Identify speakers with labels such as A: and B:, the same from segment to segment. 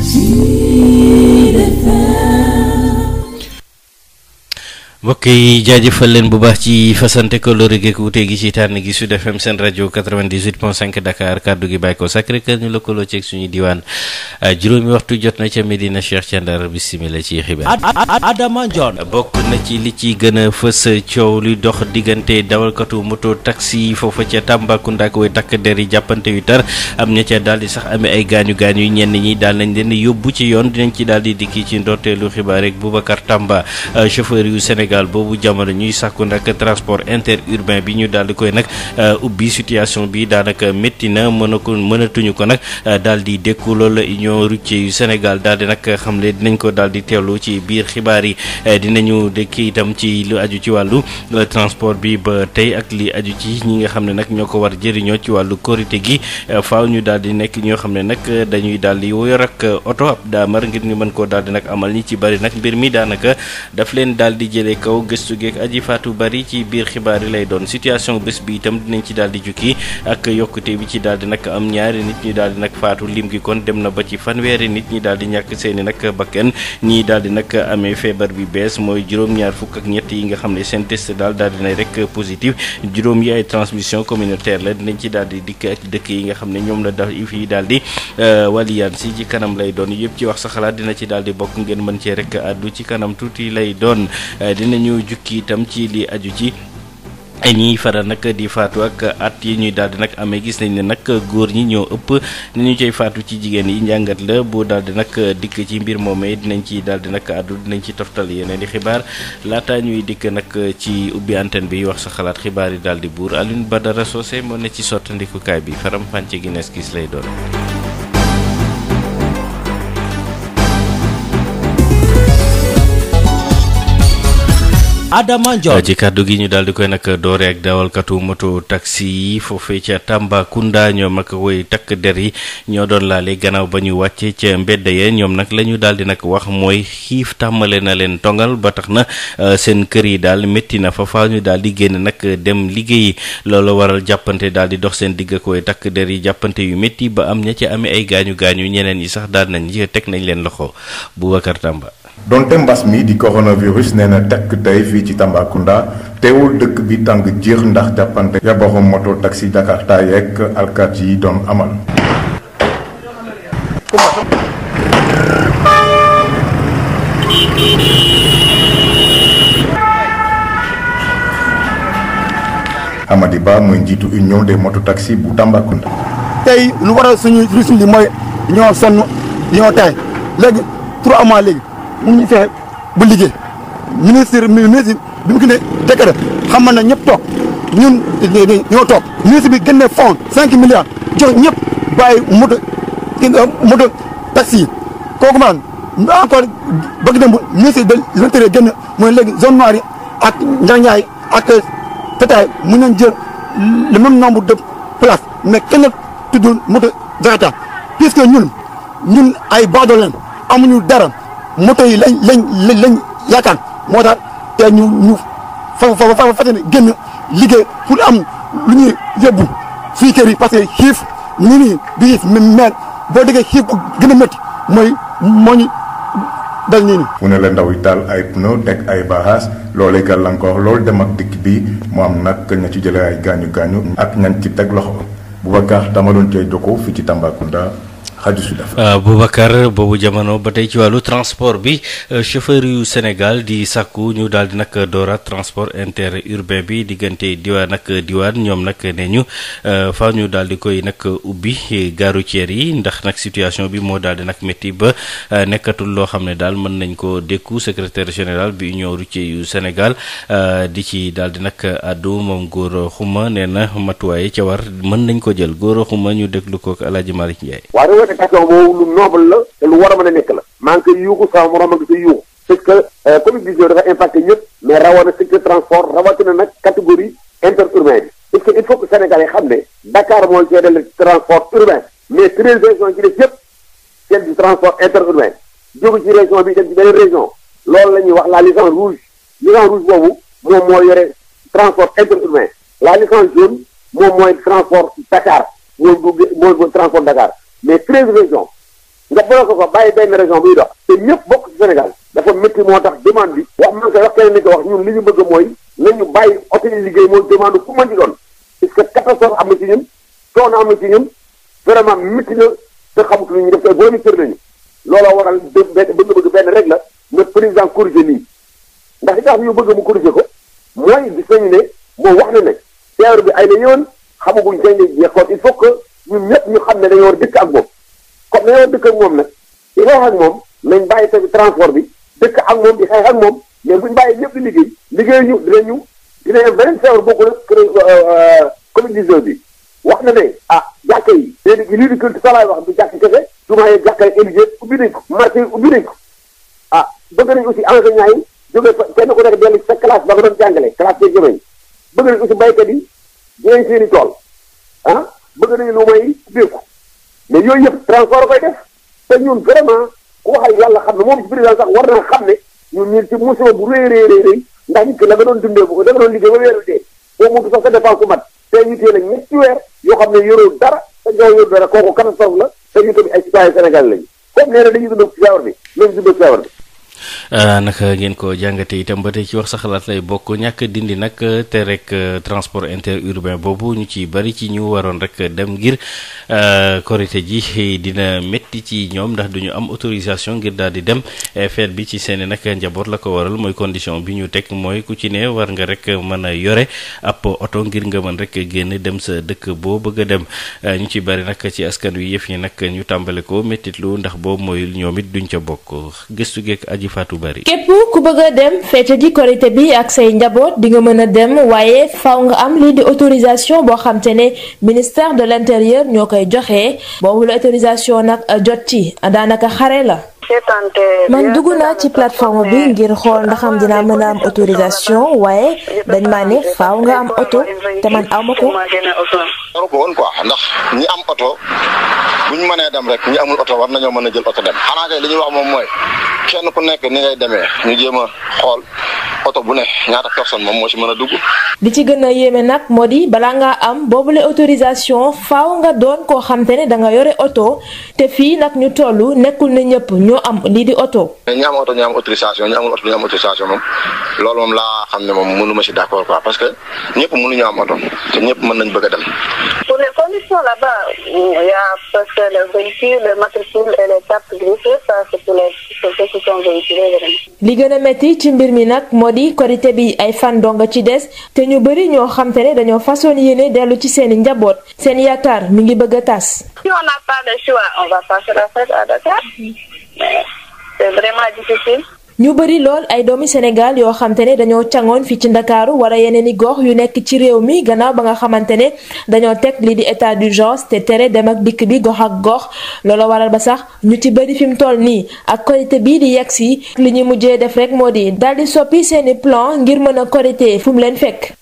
A: Sir.
B: mbokk yi jaajëfal leen bu baax ci fasante kóllëre gi wute gi ci tànn gi Sud FM seen rajo 98.5 Dakar kàddu gi bàyyi ko Sacré-Cœur ñu lëkkaloo ceeg suñu diwaan ah, juróomi waxtu jot na ca Medina Cheikh ca Ndar bisimila ci xibaar.
C: Adama Ndione. bokk
B: na ci li ci gën a fës coow luy dox diggante dawalkatu moto taxi foofa ca Tambacounda ak way takk der yi jàppante yu tar am na ca daal di sax amee ay gaañu gaañu yu ñenn ñi daal nañ leen yóbbu ci yoon dinañ ci daal di dikki ci ndorteelu xibaar rek Boubacar Tamba ah, chauffeur yu Sénégal. daal boobu jamono ñuy sàkku nag transport interurbain bi ñu daal di koy nag euh, ubbi situation bi daanaka métti na mën a ko mënatuñu ko nag euh, daal di dékku loolu union routier yu Sénégal daal di nag xamle dinañ ko daal di teewlu ci biir xibaar yi euh, dinañu dëkk itam ci lu aju ci wàllu transport bi ba tey ak li aju ci ñi nga xam ne nag ñoo ko war jëriñoo ci wàllu korite gi faw ñu daal di nekk ñoo xam ne nag dañuy daal di yor oto ab daamar ngir ñu mën koo daal di nag amal ñi ci bari nag kaw gëstu geeg aji faatu bari ci biir xibaar yi lay doon situation bés bi itam dinañ ci daal di jukki ak yokkute bi ci daal di nag am ñaari nit ñi daal di nag faatu lim gi kon dem na ba ci fanweeri nit ñi daal di ñàkk seeni nag bakken ñii daal di nag amee feebar bi bees mooy juróom-ñaar fukk ak ñett yi nga xam ne seen test daal daal dinay rek positif juróom yi ay transmission communautaire la dinañ ci daal di dikk dëkk yi nga xam ne ñoom la daf fii daal di euh, waliyaan si ci kanam lay doon yëpp ci wax sa xalaat dina ci daal di bokk ngeen mën cee rek àddu ci kanam tuuti dinañu jukki itam ci li aju ci ay ñiy faral nag di faatu ak at yi ñuy daal di nag amee gis nañ ne nag góor ñi ñoo ëpp ni ñu cay faatu ci jigéen yi njàngat la bu daal di nag dikk ci mbir moomee dinañ ci daal di nag àddu dinañ ci toftal yeneen i xibaar laata ñuy dikk nag ci ubbi antenne bi wax sa xalaat xibaar yi daal di buur Alioune Badara Socé mën na ci sottandikukaay bi faram fànce Guinness gis lay doon.
C: Adama Ndione eh, ci
B: kàddu gi ñu daal di koy nag doore ak dawalkatu moto taxi yi foofe ca Tambacounda ñoom ak woy takk der yi ñoo doon laale gannaaw ba ñu wàccee ca mbedd ya ñoom nag la ñu daal di nag wax mooy xiif tàmmale na leen tongal ba tax na eh, seen kër yi daal métti na fa faa ñu daal di génn nag dem liggéeyi loolu waral jàppante daal di dox seen digg koy takk der yi jàppante yu métti ba am ña ci amee ay gaañu gaañu ñeneen yi sax daal nañ teg nañ leen loxo Boubacar Tamba.
D: donte mbas mi di coronavirus nee na tekk tey fii ci Tambacounda teewul dëkk bi tàng jiir ndax jàppante ya borom moto taxi Jakarta yeeg yi doon amal. Amady Ba mooy njiitu union des moto taxi bu
E: tey lu waral suñu risque li mooy ñoo sonn ñoo tay léegi trois mois léegi. ñu ñu fexe ba liggéey ministre ministre bi mu génnee décret xam na ne ñëpp toog ñun ñoo toog ministre bi génne fond cinq milliards jox ñëpp bàyyi moto mu taxi yi kooku maan encore bëgg dem bu ministre de l'intérieur génn mooy léegi zone noire yi ak njanjaay ak pétaay mun nañ jël le même nombre de places mais kenn tuddul moto Jakarta puisque ñun ñun ay baadoolo lañ amuñu dara moto yi lañ lañ lañ yaakaar moo tax te ñu ñu fa fa fa fa génn liggéey pour am lu ñuy yóbbu suñu kër yi parce que xiif nii nii du xiif mais boo déggee xiif bu gën a métti mooy moo ñu dal nii nii.
D: mu ne la ndaw yi taal ay pneu teg ay baaxaas loolee gàllankoor loolu dem ak dikk bi mu am nag ña ci jëlee ay gaañu gaañu. ak ñañ ci teg loxo Boubacar Tamadoun Dieye Diocko fii ci Tambacounda. xaju si
B: dafa boobu jamono ba tey ci wàllu transport bi euh, chauffeur yu Sénégal di sàkku ñu daal di nag dooraat transport urbain bi diggante diwaan ak diwaan ñoom nag ne ñu euh, fa ñu daal di koy nag ubbi gare routière yi ndax nag situation bi moo daal di nag métti ba euh, nekkatul loo xam ne daal mën nañ ko dékku secretaire général bi union routier yu Sénégal di ci daal di nag àddu moom góor xuma nee na matuwaay ca war mën nañ ko jël góor xuma ñu déglu ko ak El
F: Hadj lu noble la lu war a mën a nekk la maa ngi koy yuuxu sama morom a ngi koy yuuxu parce que euh, Covid 19 dafa impacté ñëpp mais rawatina secteur transport rawatina nag catégorie interurbain bi parce que il faut que Sénégal yi xam ne Dakar mooy gérer le transport urbain mais treize régions yi ci def transport interurbain jóge ci région bi dem ci beneen région loolu la ñuy wax la licence rouge licence rouge boobu moom moo yore transport interurbain la licence jaune moom mooy transport Dakar mais treize régions nga bloqué ko bàyyi benn région buy dox te ñëpp bokk ci Sénégal dafa métti moo tax demande bi wax man koy wax keneen ni wax ñun li ñu bëgg mooy nañu bàyyi oto yi liggéey mooy demande ku mën di doon parce que catastrophe am na ci ñun coono am na ci ñun vraiment métti na te xamut lu ñu def te boobu kër nañu looloo waral benn bëgg benn rek la ne président corrigé lii ndax li tax ñu bëgg mu corrigé ko mooy gis nañu ne moo wax na ne teewlu bi ay la yoon xamaguñ kañ la jeexoon il faut que ñun ñëpp ñu xam ne dañoo war dëkk ak moom comme dañoo war dëkk ak moom nag di xeex ak moom nañ bàyyi tamit transport bi dëkk ak moom i xeex ak moom mais buñ bàyyi ñëpp di liggéey liggéey ñu dina ñu dina am beneen feebar bokkul ak euh, covid 19 bi wax na ne ah jàkka yi léegi lii di culture wax du jàkk kese jumaa yi jàkka ubbi nañ ko marché yi ubbi nañ ko ah bëgg nañ aussi enseignants yi jógee fa kenn ku nekk dellu sa classe ba nga doon jàngale classe de jëme yi bëgg nañ aussi baykat yi dinañ seeni tool ah, bëgg nañu lu may ubbeeku mais yooyu yëpp transport koy def te ñun vraiment ku wax ak xam ne moom ci président sax war na xam ne ñun ñu ci musiba bu rëy rëy rëy rëy ndax nit ki bu ko da nga doon liggéey ba weeru dee boo mutu sax sa dépense mat te ñu teel ñetti weer yoo xam ne yoroo dara te nga yor dara kooku catastrophe la te ñu tamit ay citoyen Sénégal lañu comme nee na dañuy dund feebar bi lañu dund feebar bi
B: Euh, naka ngeen ko jàngatee itam ba tey ci wax sa xalaat lay bokk ñàkk dindi nag te rek euh, transport interurbain boobu ñu ci bari ci ñu waroon rek dem ngir euh, korite ji dina métti ci ñoom ndax duñu am autorisation ngir daal di dem fête bi ci seeni nag njaboot la ko waral mooy condition bi ñu teg mooy ku ci ne war nga rek mën a yore ab oto ngir nga mën rek génn dem sa dëkk boo bëgg a dem ñu ci bari nag ci askan wi yëf yi nag ñu tàmbali ko méttitlu ndax boobu mooy ñoom duñ ca bokk gëstu geek aji Fatou Bari.
G: képp ku bëgg a dem feete ji korité bi ak say njaboot di nga mën a dem waaye faw nga am lii di autorisation boo xam ne ministère de l' intérieur ñoo koy joxee boobu la autorisation nag jot ci daanaka xare la. man dugg naa ci plateforme bi ngir xool ndaxam dinaa mën a am autorisation waaye dañ maa ne faaw nga am oto te man aw ma ko.
H: war ko woon quoi ndax ñi am oto buñ ñu mënee dem rek ñi amul oto war nañoo mën a jël oto dem xanaa kay li ñuy wax moom mooy kenn ku nekk ni ngay demee ñu jéem xool oto bu ne ñaata personne moom moo ci mën a dugg.
G: li ci gën a yéeme nag moo di balaa nga am boobu boobule autorisation faw nga doon koo xam ne danga nga yore oto te fii nag ñu toll nekkul ne mënoo am lii di oto.
H: ñi am oto ñi am autorisation d' accord quoi parce que a dem. pour
I: les conditions là a parce que le véhicule le matricule et les cartes grises
G: li gën a ci mbir mi nag moo di korité bi ay fan dong ci des te ñu bëri ñoo xam ne dañoo façon yéene dellu ci seen i njaboot seen yaakaar mu ngi bëgg a tas. c'est ñu bëri lool ay doomi Sénégal yoo xamante ne dañoo cangoon fii ci Ndakaaru wala yeneen i gox yu nekk ci réew mi gannaaw ba nga xamante ne dañoo teg li di état d'urgence te tere dem ak dikk bi gox ak gox looloo waral ba sax ñu ci bëri fi mu toll nii ak korité bii di yegg si li ñu mujjee def rek moo di daal di soppi seeni plan ngir mën a korité fu leen fekk.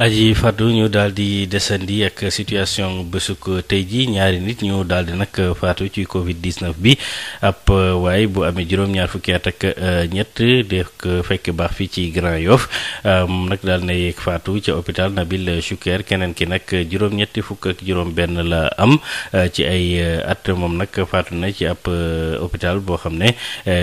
B: aji fàddu ñu daal di desandi ak situation bésuk tey ji ñaari nit ñu daal di nag faatu ci Covid 19 bi ab waaye bu amee juróom-ñaar fukki at ak euh, ñett de fekk baax fi ci Grand Yoff moom nag daal na yeeg faatu ca hôpital Nabil Choucair keneen ki nag juróom-ñetti fukk ak juróom-benn la am euh, ci ay euh, at moom nag faatu na ci ab hôpital boo xam ne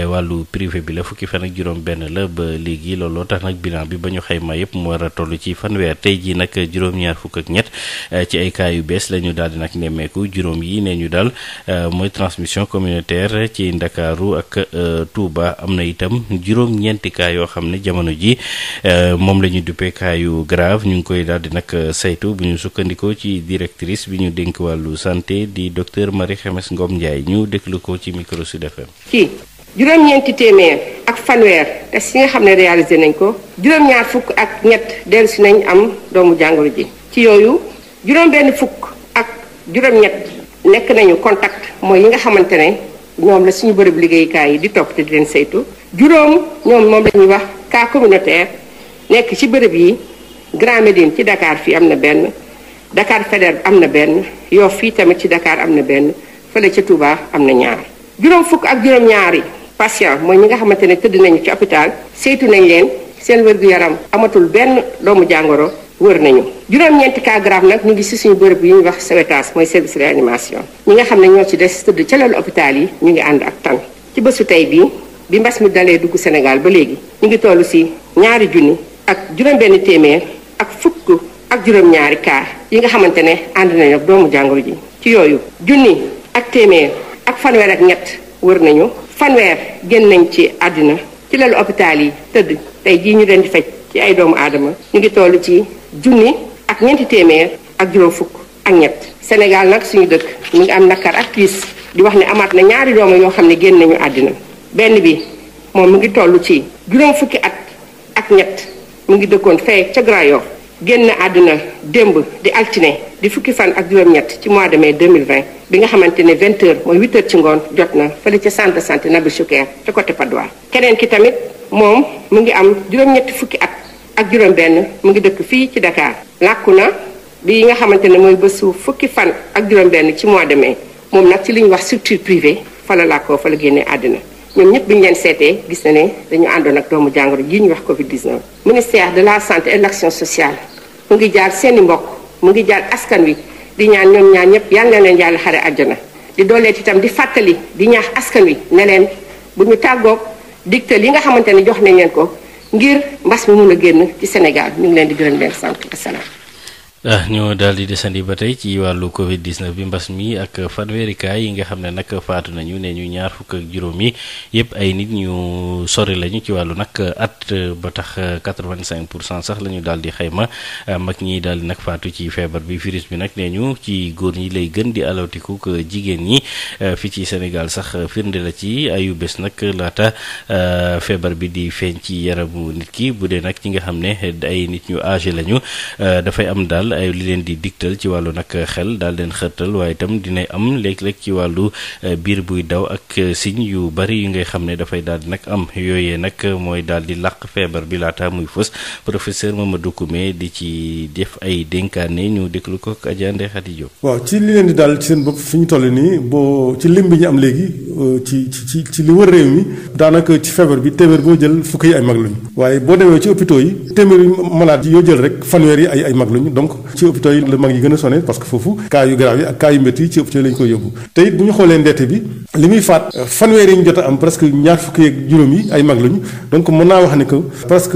B: wàllu privé bi la fukki fan ak juróom-benn la ba léegi looloo tax nag bilan bi ba ñu xayma yëpp mu war a toll ci fanweer. tey jii nag juróom fukk ak ñett eh, ci ay cas yu bees la ñu daal di nag nemmeeku juróom yi nee ñu dal eh, mooy transmission communautaire ci Ndakaaru ak eh, Touba am na itam juróom-ñeenti yoo xam ne jamono ji moom la ñu duppee yu grave ñu ngi koy daal di nag saytu bu ñu sukkandikoo ci directrice bi ñu dénk wàllu santé di docteur Marie Xemes Ngom Ndiaye ñu déglu ko ci micro FM.
J: juróom-ñeenti téeméer ak fanweer test yi nga xam ne réalisé nañ ko juróom-ñaar fukk ak ñett dellu si nañ am doomu jàngoro ji ci yooyu juróom-benn fukk ak juróom-ñett nekk nañu contact mooy yi nga xamante ne ñoom la suñu bërëb liggéeyukaay yi di topp te di leen saytu juróom ñoom moom la wax cas communautaire nekk ci bërëb yi Grand Médine ci dakaar fii am na benn Dakar Faidherbe am na benn Yoff fii tamit ci dakaar am na benn fële ca Touba am na ñaar juróom fukk ak juróom patient mooy ñi nga xamante ne tëdd nañu ci hôpital saytu nañ leen seen wér-gu-yaram amatul benn doomu jàngoro wër nañu juróom-ñeenti cas grave nag ñu ngi si suñu bërëb yi ñuy wax mooy service réanimation ñi nga xam ne ñoo ci des tëdd ca lalu hôpital yi ñu ngi ànd ak tan ci bésu tey bii bi mbas mi dalee dugg Sénégal ba léegi ñu ngi tollu si ñaari junni ak juróom-benn téeméer ak fukk ak juróom-ñaari cas yi nga xamante ne ànd nañu ak doomu jàngoro ji ci yooyu junni ak téeméer ak fanweer ak ñett wër nañu fanweer génn nañ ci àddina ci lalu hôpital yi tëdd tey jii ñu leen di faj ci ay doomu aadama ñu ngi toll ci junni ak ñeenti téeméer ak juróom fukk ak ñett Sénégal nag suñu dëkk mu ngi am nakar ak tiis di wax ni amaat na ñaari doomam yoo xam ne génn nañu àddina benn bi moom mu ngi toll ci juróom fukki at ak ñett mu ngi dëkkoon fee ca Grand génn àdduna démb di altine di fukki fan ak juróom-ñett ci mois de mai 2020 bi nga xamante ne 20 heures mooy 8 heures ci ngoon jot na fële ca centre de santé Nabil Choucair ca côté Patte d'Oie keneen ki tamit moom mu ngi am juróom-ñetti fukki at ak juróom-benn mu ngi dëkk fii ci dakaar làkku na bi nga xamante ne mooy bésu fukki fan ak juróom-benn ci mois de mai moom nag ci li ñuy wax structure privée fa la làkkoo fa la génnee àdduna ñoom ñëpp bi ñu leen seetee gis na ne dañu àndoon ak doomu jàngoro ji ñu wax Covid 19. ministère de la santé et de sociale mu ngi jaar seeni mbokk mu ngi jaar askan wi di ñaan ñoom ñaar ñëpp yal na leen yàlla xare àjjana. di dooleet itam di fàttali di ñaax askan wi ne leen bu ñu tàggoog digte yi nga xamante ne jox nañ leen ko ngir mbas mi mun a génn ci Sénégal ñu ngi leen di gërëm leen sant asalaam.
B: ah ñu daal di desandi ba tey ci wàllu Covid 19 bi mbas mi ak fanweeri yi nga xam ne nag faatu nañu nee ñu ñaar fukk ak juróom yi yëpp ay nit ñu sori lañu ci wàllu nag at ba tax 85 pour cent sax la ñu daal di xayma ah, mag ñi daldi di nag faatu ci feebar bi virus bi nag nee ñu ci góor ñi lay gën di alawtiku jigéen ñi ah, fii ci Sénégal sax firnde la ci ayu bés nag laata ah, feebar bi di feeñ ci yaramu nit ki bu dee nag ñi nga xam ne ay nit ñu âgé lañu dafay am daal. amal ay li leen di digtal ci wàllu nag xel daal leen xërtal waaye itam dinay am léeg-léeg ci wàllu eh, biir buy daw ak signe yu bari yu ngay xam ne dafay daal di nag am yooyee nag mooy daal di làq feebar bi laata muy fës professeur Mamadou Koumé di ci def ay dénkaane ñu déglu ko ak Adja Ndeye Khady Diop
D: waaw ci li leen di daal ci seen bopp fi ñu toll nii boo ci lim bi ñu am léegi euh, ci ci ci li wër réew mi daanaka ci feebar bi téeméer boo jël fukk yi ay mag lañu waaye boo ci hôpitaux yi la mag yi gën a sonné parce que foofu cas yu grave yi ak cas yu métti yi ci hôpitaux yi la ñu koy yóbbu te bu ñu xoolee ndette bi li muy faat euh, fanweer yi ñu jot am presque ñaar ay mag lañu donc mën naa wax ne que presque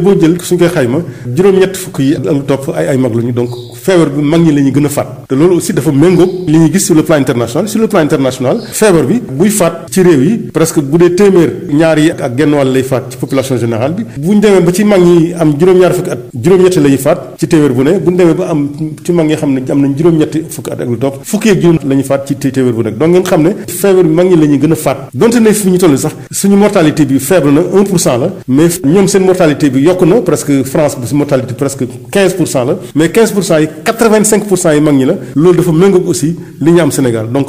D: boo jël suñ koy xayma juróom-ñett fukk yi ak lu topp ay ay mag lañu donc feebar ñi la ñu gën a faat te loolu aussi dafa méngóog li ñuy gis sur le plan international sur le plan international feebar bi buy ci réew bu dee téeméer ñaar yi ak genn wàll lay faat ci population générale bi bu ñu demee ci mag am juróom-ñaar fukki at juróom-ñett lay faat ci téeméer bu ne ñu demee ba am ci mag ñi xam ne am nañ juróom-ñetti fukki at ak lu topp fukki ak juróom la ñu faat ci téeméer bu nekk donc ngeen xam ne feebar bi mag ñi la gën a faat donte ne seen mortalité bi yokk na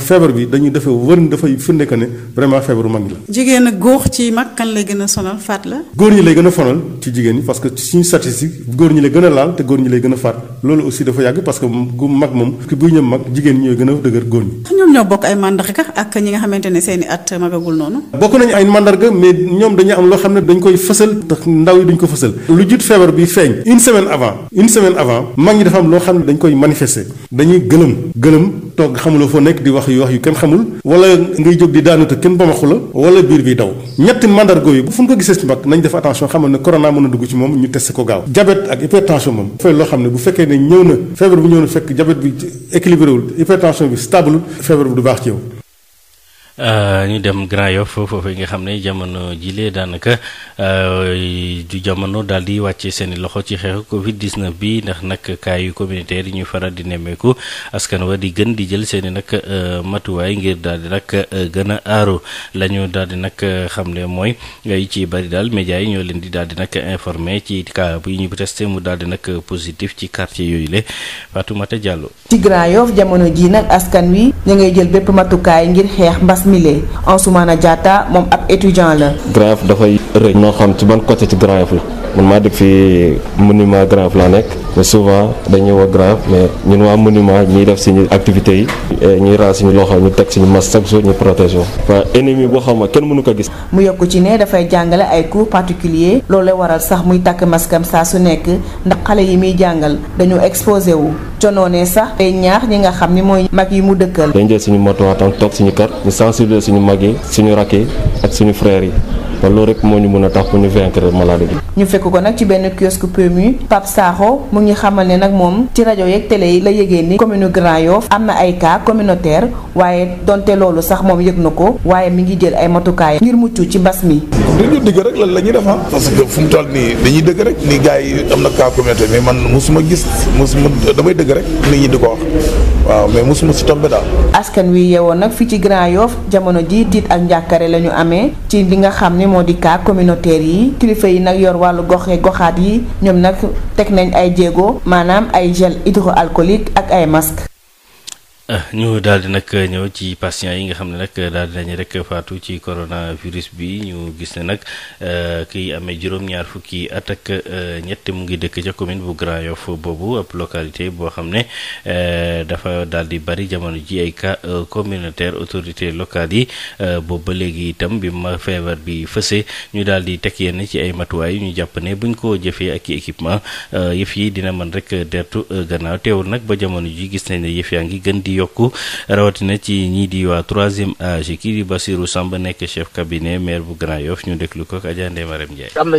D: dañuy dafa wër dafay firnde que ne vraiment feebaru mag ñi la.
A: jigéen ak góor ci mag kan lay gën a faat la.
D: a ci jigéen ñi parce que suñu statistique góor ñi lay gën a laal te góor ñi lay gën a faat. loolu aussi dafa yàgg parce que gu mag moom ki buy ñëw mag jigéen ñi gën a dëgër góor ñi
A: ñoom ñoo bokk ay mandarga ak ñi nga xamante ne seen i at magagul noonu
D: bokk nañu ay mandarga mais ñoom dañu am loo xam ne dañ koy fësal tax ndaw yi duñ ko fësal lu jut feebar bi feeñ une semaine avant une semaine avant mag ñi dafa am loo xam ne dañ koy manifester dañuy gëlëm gëlëm toog xamuloo foo nekk di wax yu wax yu kenn xamul wala ngay jóg di daanu te kenn bamaxu la wala biir bi daw ñett mandargo yi bu fu ñu ko gisee ci mag nañ def attention xamal ne corona mën a dugg ci moom ñu test ko gaaw diabète ak hypertension moom xam ne bu fekkee ne ñëw na feebar bu ñëw na fekk diabète bi équilibré wul bi stable feebar bi du baax ci yow
B: Euh, ñu dem Grand Yoff foofu yi nga xam ne jamono jile daanaka du euh, jamono daal di wàcce seen i loxo ci xeexu Covid 19 bi ndax nag cas yu communautaire yi ñuy faral di nemmeeku askan wa di gën di jël seen i nag euh, matuwaay ngir daal di nag gën a aaru la ñu daal di nag xam ne mooy yi ci bari daal médias yi ñoo leen di daal di nag informé ci cas bu ñu testé mu daal di nag positif ci quartier yooyu la Fatoumata ci
A: Grand Yoff jamono ji nag askan wi ñu ngay jël bépp Mass Milé Ansoumana Diatta moom ab étudiant la.
K: Grand Yoff dafay rëy. noo xam ci man côté ci Grand Yoff la man maa dëkk fii monument Grand Yoff laa nekk. mais souvent dañuy woo grave mais ñun waa monument ñuy def suñu activités yi ñuy raas suñu loxo ñu teg suñu masque chaque jour ñu protéger waa ennemi boo xam ne kenn mënu ko gis.
A: mu yokk ci ne dafay jàngale ay cours particulier loolu la waral sax muy takk maskam saa su nekk ndax xale yi muy jàngal dañoo exposé wu conoo ne sax day ñaax ñi nga xam ni mooy mag yi mu dëkkal.
K: dañ jël suñu motuwaatam toog suñu kër ñu sensibiliser suñu mag yi suñu rakk yi ak suñu frères yi. kon loolu rek moo ñu mën a tax pour ñu vaincre maladie bi.
A: ñu fekk ko nag ci benn kiosque PMU Pape Sakho mu ngi xamal ne nag moom ci rajo yeeg télé yi la yëgee ni commune Grand Yoff am na ay cas communautaire waaye donte loolu sax moom yëg na ko waaye mi ngi jël ay matukaay ngir mucc ci mbas mi.
H: dañu digg la ñuy def ah? parce que fu mu toll nii dañuy dëgg rek ni na cas communautaire mais man mosuma gis mosuma damay dëgg rek nit ñi di ko wax
L: waaw mais mosuma si tombé daal.
A: askan wi yeewoon nag fi ci Grand Yoff jamono ji tiit ak njàkkare lañu ñu amee ci li xam ne ni moo di cas communautaire yi kilifa yi nag yor wàllu gox goxaat yi ñoom nag teg nañ ay jéego maanaam ay gel hydroalcoolique ak ay masque
B: ñu daal di nag ñëw ci patients yi nga xam ne nag daal di nañu rek faatu ci coronavirus bi ñu gis ne nag euh, kiy amee juróom-ñaar fukki at ak euh, ñett mu ngi dëkk ca commune bu Grand Yoff boobu ab localité boo xam ne euh, dafa daal di bari jamono ji ay cas communautaire autorités locales yi boobu ba léegi itam bi mu ma feebar bi fëse ñu daal di teg yenn ci ay matuwaay ñu jàpp ne buñ ko jëfee ak équipement yëf yi dina mën rek dertu gannaaw teewul nag ba jamono ji gis nañ ne yëf yaa ngi gën di. yokku rawatina ci ñii di waa troisième âge kii di Bassirou Samba nekk chef cabinet maire bu Grand Yoff ñu déglu ko ak Adja Ndeye Marème Ndiaye.
L: am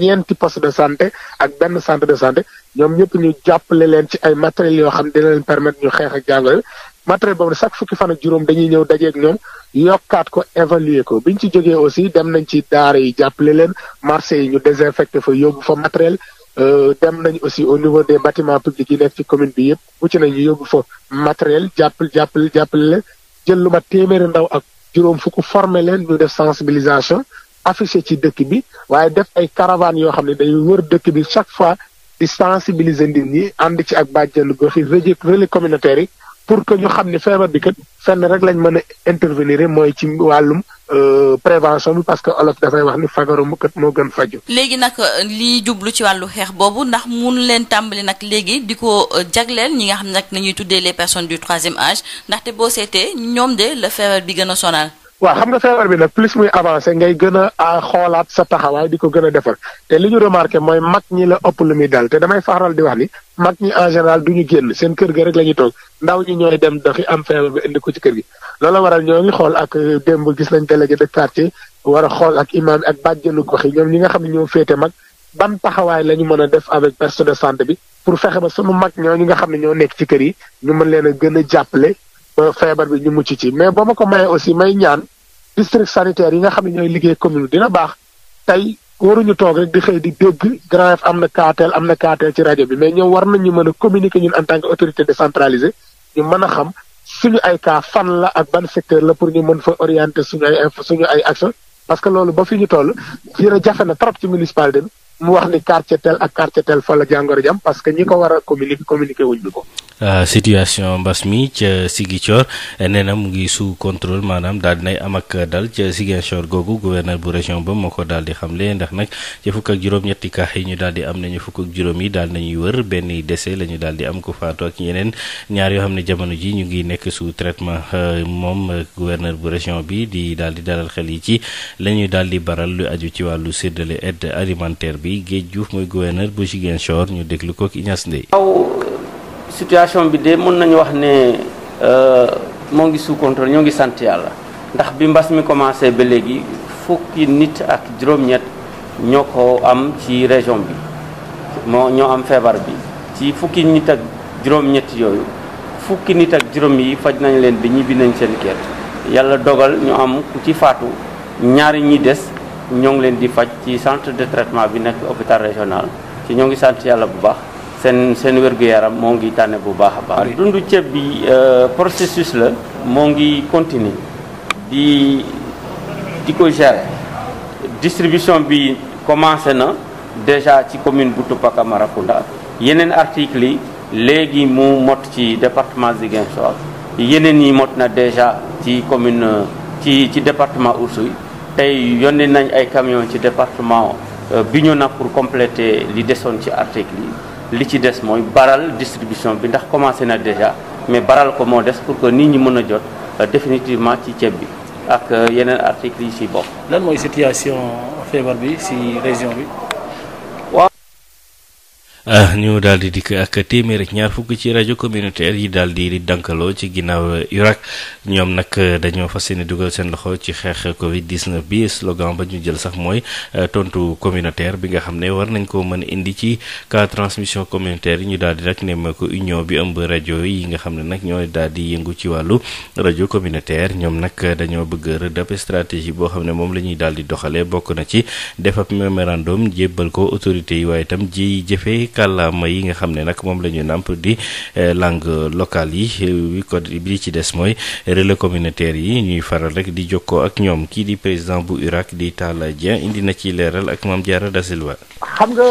L: ñeenti poste de santé ak benn centre de santé ñoom ñëpp ñu jàppale leen ci ay matériels yoo xam dina leen permettre ñu xeex ak jàngoro matériel boobu chaque fukki fan ak juróom dañuy ñëw dajeeg ñoom yokkaat ko évaluer ko biñ ci jógee aussi dem nañ ci daara yi jàppale leen marché yi ñu désinfecté fa yóbbu fa matériel Euh, dem nañ aussi au niveau des bâtiments publics yi nekk ci commune bi yëpp bu ci nañu yóbbu fa matériel jàppal jàppal jàppale jël lu téeméeri ndaw ak juróom fukk former leen ñu def sensibilisation affiché ci dëkk bi waaye def ay caravanes yoo xam ne day wër dëkk bi chaque fois di sensibiliser nit ñi ànd ci ak bàjjenu gox yi relais communautaire yi pour que ñu xam ne feebar bi kat fenn rek lañ mën a intervenir mooy ci wàllum Euh, prévention bi parce que olof dafay wax ni fagaru mu kat moo gën faju
A: léegi nag euh, li jublu ci wàllu xeex boobu ndax mu mun leen tàmbali nag léegi di ko euh, jagleel ñi nga xam ne nag nañuy tuddee les personnes du troisième âge ndaxte boo seetee ñoom de la feebar bi gën a sonal waaw xam nga
L: feebar bi nag plus muy avancé ngay gën a xoolaat sa taxawaay di ko gën a defar te li ñu remarqué mooy mag ñi la ëpp lu muy dal te damay faral di wax ni mag ñi en général du ñu génn seen kër ga rek la ñuy toog ndaw ñi ñooy dem dafi am feebar bi indi ko ci kër gi. loolu waral ñoo ngi xool ak euh, démb gis nañ délégué de quartier war a xool ak imam ak bàjjenu gox yi ñoom ñi nga xam ne ñoo féete mag ban taxawaay la ñu mën a def avec personne de santé bi pour fexe ba sunu mag ñoo ñi nga xam ne ñoo nekk ci kër yi ñu mën leen a gën a jàppale feebar bi ñu mucc ci mais ba ma ko mayee aussi may ñaan district sanitaire yi nga xam ne ñooy liggéey commune dina baax tey waruñu toog rek di xëy di dégg Grand Yoff am na kaateel am na kaateel ci rajo bi mais ñoom war nañu mën a communiquer ñun en tant que autorité décentralisée ñu mën a xam suñu ay cas fan la ak ban secteur la pour ñu mën fa orienter suñu ay suñu ay action parce que loolu ba fi ñu toll jërë jafe na trop ci municipalité bi mu wax ni quartier tel ak quartier tel fa la jàngoro jam parce que ko war a communiquer communiquer wuñ ñu ko
B: Euh, situation mbas mi ca Ziguinchor eh, nee na mu ngi sous contrôle maanaam daal dinay am ak dal ca Ziguinchor googu gouverneur bu région ba moo ko daal di xamle ndax nag ca fukk ak juróom-ñetti cas yi ñu daal di am nañu fukk ak juróom yi daal nañuy wër benn décès la ñu daal di am ko faatu ak yeneen ñaar yoo xam ne jamono ji ñu ngi nekk sous traitement euh, moom euh, gouverneur bu région bi di daal di dalal xel yi ci lañuy ñuy daal di baral lu aju ci wàllu séddale aide alimentaire bi Géej Diouf mooy gouverneur bu Ziguinchor ñu déglu ko ak Ignace Ndeye
K: situation bi de mën nañu wax ne euh, moo ngi sous contrôle ñoo ngi sant yàlla ndax bi mbas mi commencé ba léegi fukki nit ak juróom-ñett ñoo ko am ci région bi moo ñoo am feebar bi ci fukki nit ak juróom-ñett yooyu fukki nit ak juróom yi faj nañ leen bi ñibbi nañ seen kër yàlla dogal ñu am ku ci faatu ñaari ñi des ñoo ngi leen di faj ci centre de traitement bi nekk hôpital régional ci ñoo ngi sant yàlla bu baax seen seen wér-gu-yaram moo ngi tànne bu baax a baax dundu ceeb bi euh, processus la moo ngi continuer di di ko gere distribution bi commencé na déjà ci commune bu Toubacca Maracounda yeneen article yi léegi mu mot ci département Ziguinchor yeneen yi mot na déjà ci commune ci ci département Oussouye tey yónnee nañ ay camion ci département euh, Bignona pour compléter li desoon ci article yi li ci des mooy baral distribution bi ndax commencé na déjà mais baral ko moo des pour que nit ñi mën a jot euh, définitivement ci ceeb bi ak euh, yeneen
C: articles yi ci bopp. lan mooy situation feebar bi ci région bi.
B: Ah, ñu daal di dikk ak téeméer ak ñaar fukk ci rajo communautaire yi daal di dankaloo ci ginnaaw URAC ñoom nag dañoo fas yéene dugal seen loxo ci xeex Covid 19 bi slogan ba ñu jël sax mooy ah, tontu communautaire bi nga xam ne war nañ ko mën a indi ci cas transmission communautaire yi ñu daal di nag nemmeeku union bi ëmb rajo yi nga xam ne nag ñoo daal di yëngu ci wàllu rajo communautaire ñoom nag dañoo bëgg rëddab stratégie boo xam ne moom la ñuy daal di doxalee bokk na ci def ab mémorandum ko autorités yi waaye itam ji jëfee kàllaama yi nga xam ne nag moom la ñu di eh, langue locale yi wi eh, ko bi ci des mooy relais communautaire yi ñuy faral rek di jokkoo ak ñoom kii di président bu URAC di Talla Dieng indi na ci leeral ak Mame Diarra Da Silva.
F: xam nga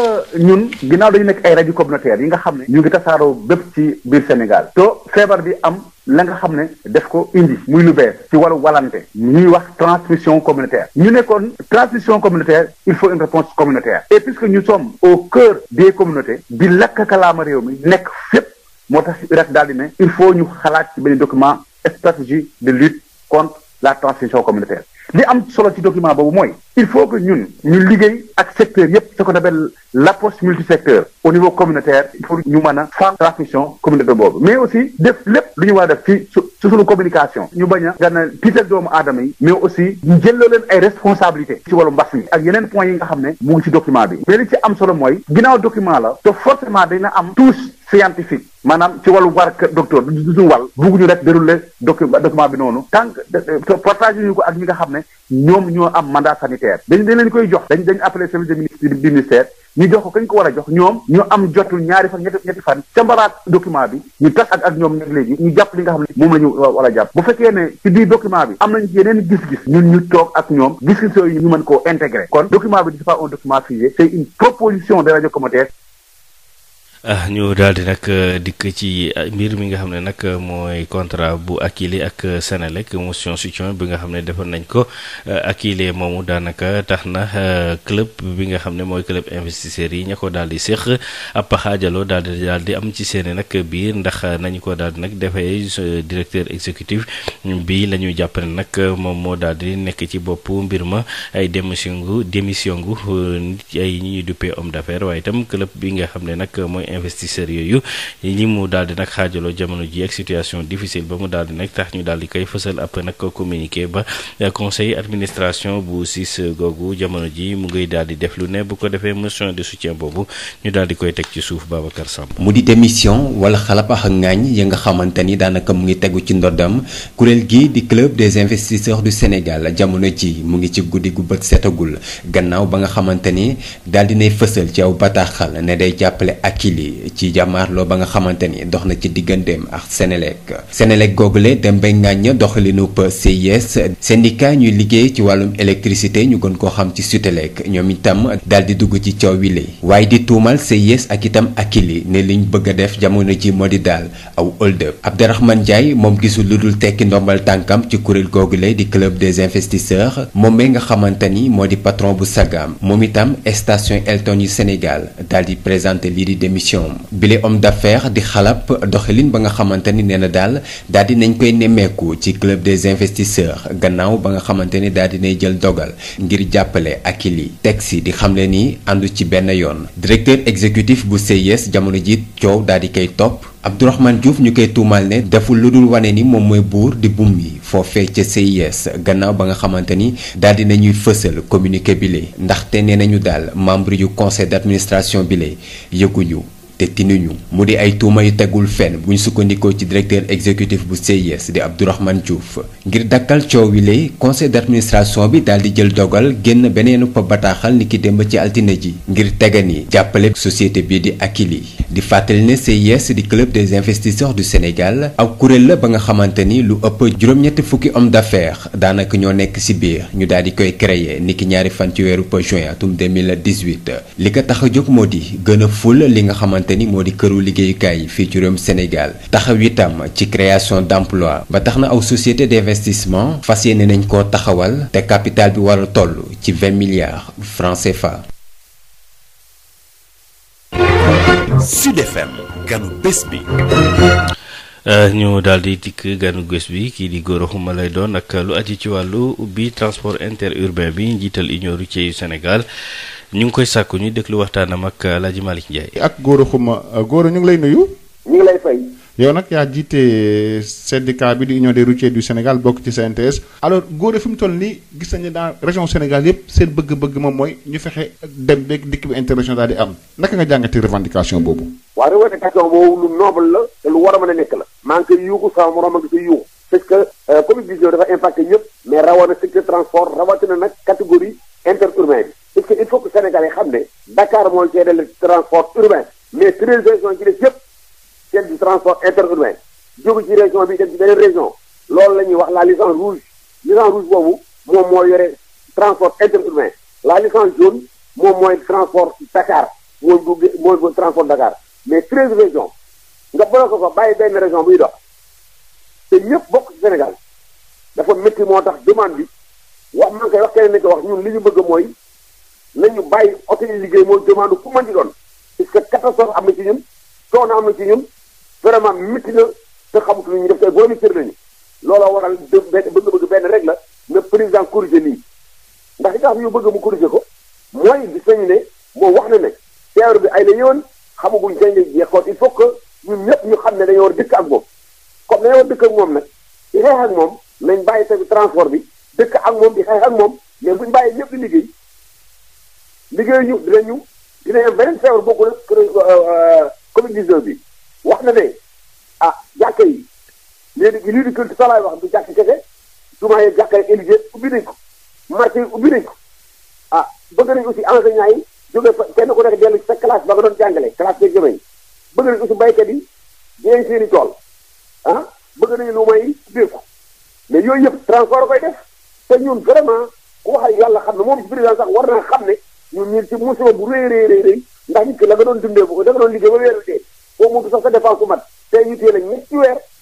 F: ñun ginnaaw dañu nekk ay rajo communautaire yi nga xam ne. ñu ngi tasaaroo bépp ci biir Sénégal. to feebar bi am. la nga xam ne def ko indi muy lu ci wàllu walante ñuy wax transmission communautaire ñu nekkoon transmission communautaire il faut une réponse communautaire et puisque nous sommes au cœur des communautés bi lakk kalaama réew mi nekk fépp moo tax Irak daal di ne il faut ñu xalaat ci benn document stratégie de lutte contre la transmission communautaire li am solo ci document boobu mooy il faut que ñun ñu liggéey ak secteur yépp ce qu'on appelle l'approche multisecteur au niveau communautaire pour ñu mën a faire transmission communautaire boobu mais aussi def lép lu ñu war def ci su su communication ñu bañ a gën a tiital doomu aadama yi mais aussi ñu jëlloo leen ay responsabilité ci wàllu mbas mi ak yeneen points yi nga xam ne mu ci document bi mais li ci am solo mooy ginnaaw document la te forcément dina am tous scientifique maanaam ci wàllu war docteur du suñu wàll bugguñu rek déroulé document bi noonu tant que partage ñu ko ak ñi nga xam ne ñoom ñoo am mandat sanitaire dañ dañ leen koy jox dañ dañ appelé service de ministère ñu jox ko kañ ko war a jox ñoom ñu am jotul ñaari fan ñetti ñetti fan càmbaraat document bi ñu tas ak ak ñoom ñeg léegi ñu jàpp li nga xam ne moom la ñu war a jàpp bu fekkee ne ci biir document bi am nañ ci yeneen gis-gis ñun ñu toog ak ñoom gis-gis yooyu ñu mën koo intégré kon document bi c'est pas un document figé c'est une proposition
B: ah ñu daal di nag euh, dikk ci euh, mbir mi nga xam ne nag euh, mooy contrat bu Akilee ak Senelec motion soutien bi nga xam ne defar nañ ko Akilee moomu daanaka tax na club bi nga xam ne mooy club investisseurs yi ña ko daal di séq ab xaajaloo daal di di am ci seeni nag biir ndax nañu ko daal di nag defee directeur exécutif bi la ñuy jàpp nag moom moo daal di nekk ci bopp mbir ma ay démission gu démission gu ay ñi ñuy duppee homme d'affaires waaye itam club bi nga xam ne nag mooy investisseurs yooyu ñi mu daal di nag xaajaloo jamono ji ak situation difficile ba mu daal di nag tax ñu daal di koy fësal après nag communiqué ba conseil administration bu siis googu jamono ji mu ngay daal di def lu ne bu ko defee motion de soutien boobu ñu daal koy teg ci suuf Babacar Samb.
M: mu di démission wala xalap ak nga xamante daanaka mu ngi tegu ci ndoddam kuréel gi di club des investisseurs du Sénégal jamono ji mu ngi ci guddi gu bët setagul ba nga xamante ni daal dinay bi ci jàmmaarloo ba nga xamante ni dox na ci digganteem ak Senelec Senelec googule dem bay ngàññ doxalinub CIS syndicat ñuy liggéey ci wàllum électricité ñu gën koo xam ci Sutelec ñoom itam daal di dugg ci coow wile waaye di tuumal CIS ak itam Akilee ne liñ bëgg a def jamono ji moo di daal aw hold-up Abdourahmane Ndiaye moom gisul lu dul tekki ndombal tànkam ci kuréel googule di club des investisseurs moom mi nga xamante ni moo di patron bu Sagam moom itam communication bile homme d'affaires di xalab doxalin ba nga xamante ni nee na daal daal di koy nemmeeku ci club des investisseurs gannaaw ba nga xamante ni daal di nay jël dogal ngir jàppale Akilee Texi di xamle ni àndu ci benn yoon directeur executif bu CIS jamono ji coow daal di koy topp. Abdourahmane Diouf ñu koy tuumal ne deful lu dul wane ni moom mooy buur di bum yi foofee ca CIS gannaaw ba nga xamante ni daal di nañuy fësal communiqué bile ndaxte nee nañu daal membre yu conseil d'administration bile yëguñu te tinuñu mu di ay tuuma yu tegul fen bu ñu sukkandikoo ci directeur exécutif bu CIS di Abdourahmane Diouf ngir dakkal coow wi lay conseil d'administration bi daal di jël dogal génn beneenu pa bataaxal ni ki démb ci altine ji ngir ni jàppale société bi di Akilee di fàttali ne CIS di club des investisseurs du Sénégal ak kuréel la ba nga xamante ni lu ëpp juróom-ñetti fukki homme d'affaires daanaka ñoo nekk ci biir ñu daal di koy créer ni ñaari fan ci weeru juin atum 2018 li ko tax a moo di xamante moo di këru liggéeyukaay yi fii ci réewum Sénégal taxaw itam ci création d'emploi ba tax na aw société d'investissement fas yéene nañ koo taxawal te capital bi war toll ci 20 milliards francs fa
D: Sud FM ganu bés bi.
M: Euh,
B: ñu daal di dikk ganu gës bi kii di Gora Khouma lay doon ak lu aji ci wàllu ubbi transport interurbain bi njiital union routière yu Sénégal. ñu ngi koy sàkku ñu déglu waxtaanam ak El
N: euh, Hadj Malick Ndiaye. ak Gora ma euh, Gora ñu ngi lay nuyu. ñu ngi lay fay. yow nag yaa jiite syndicat bi di union des routiers du Sénégal bokk ci CNTS. alors Gora fi mu toll nii gis nañu dans région Sénégal yépp seen bëgg-bëgg moom mooy ñu fexe dem beeg dikk bi interrégion daal di am naka nga jàngati revendication boobu.
F: waaw revendication boobu lu noble la te lu war a mën a nekk la. maa ngi koy yuuxu sama morom a ngi koy yuuxu. parce que euh, Covid 19 dafa impacté ñëpp. mais parce que il faut que sénégalais xam ne Dakar mooy seede le transport urbain mais treize régions ci des yëpp ci région bi loolu la ñuy wax la licence rouge moo yore transport interurbain la licence jaune moom mooy transport Dakar mooy bu mooy transport Dakar mais treize régions nga boole ko buy dox ñëpp bokk ci Sénégal dafa métti moo tax demande bi wax man koy wax keneen ne ko wax ñun li ñu bëgg mooy. nañu bàyyi oto yi liggéey moo demande fu mën di doon parce que catastrophe am na ci ñun coono am na ci ñun vraiment métti na te xamut lu ñu def te boromi cër lañu looloo waral dë benn bëgg-bëgg benn rek la na président corrigé lii ndax li nga xam ne ñu bëgg mu corrigé ko mooy gis nañu ne moom wax na ne feebar bi ay la yëwoon xamaguñ kañ lay jeexoon il faut que ñun ñëpp ñu xam ne dañoo war dëkk ak moom comme dañoo war dëkk ak moom nag di xeex moom nañ bàyyi tamit transport bi dëkk ak moom di xeex ak moom mais buñ bàyyi ñëpp di liggéey ñu dinañu dinañ am beneen feebar bokkul ak euh, euh, covid 19 bi wax na ne ah jàkka yi léegi lii di culte sax laay wax du jàkka kese jumaa yi jàkka yi éligé ubbi nañ ko marché ubbi nañ ko ah bëgg nañ aussi enseignants yi jóge fa kenn ku nekk dellu sa classe ba nga doon jàngale classe de nañ aussi baykat yi dinañ seen i tool ah bëgg nañu lu may ubbeeku mais yooyu yëpp transport koy def te ñun vraiment ku wax yàlla xam ne moom ci président sax war naa xam ne ñun ñun ci musoo bu rëy rëy rëy ndax nit ki la nga doon dundee bu ko doon liggéey ba weer wi dee boo mutu sax sa dépense mat tey ñu téye la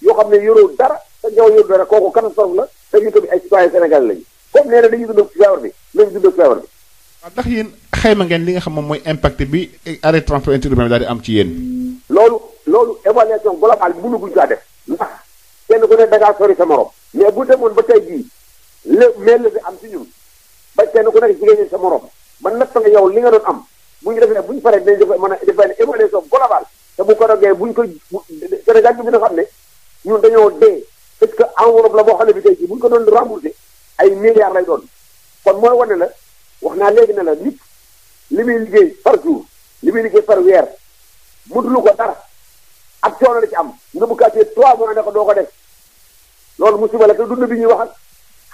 F: yoo xam ne yoroo dara sa jaw yor dara la te ñu tamit ay citoyen sénégalais lañu bi lañu dund ci feebar bi
N: ndax yéen xayma ngeen li nga xam moom mooy impact bi arrêt transport interurbain bi daal di am ci yéen
F: loolu loolu évaluation globale bi mënaguñ kaa def ndax kenn ku ne da ngaa sori sa morom mais bu demoon ba tey jii lé mais lefi am si ñun ba kenn ku nekk jigéen sa man natt nga yow li nga doon am bu ñu defee bu ñu paree dañu def mën a def benn évaluation globale te bu ko rogee bu ñu koy Sénégal bi dina xam ne ñun dañoo dee parce que enveloppe la boo xam ne bi tey jii buñ ko doon remboursé ay milliards lay doon kon mooy wane la wax naa léegi ne la nit li muy liggéey par li muy liggéey par weer mënulu ko dara ak coono la ci am nga bu kàccee trois mois ne ko doo ko def loolu musiba la te dund bi ñuy wax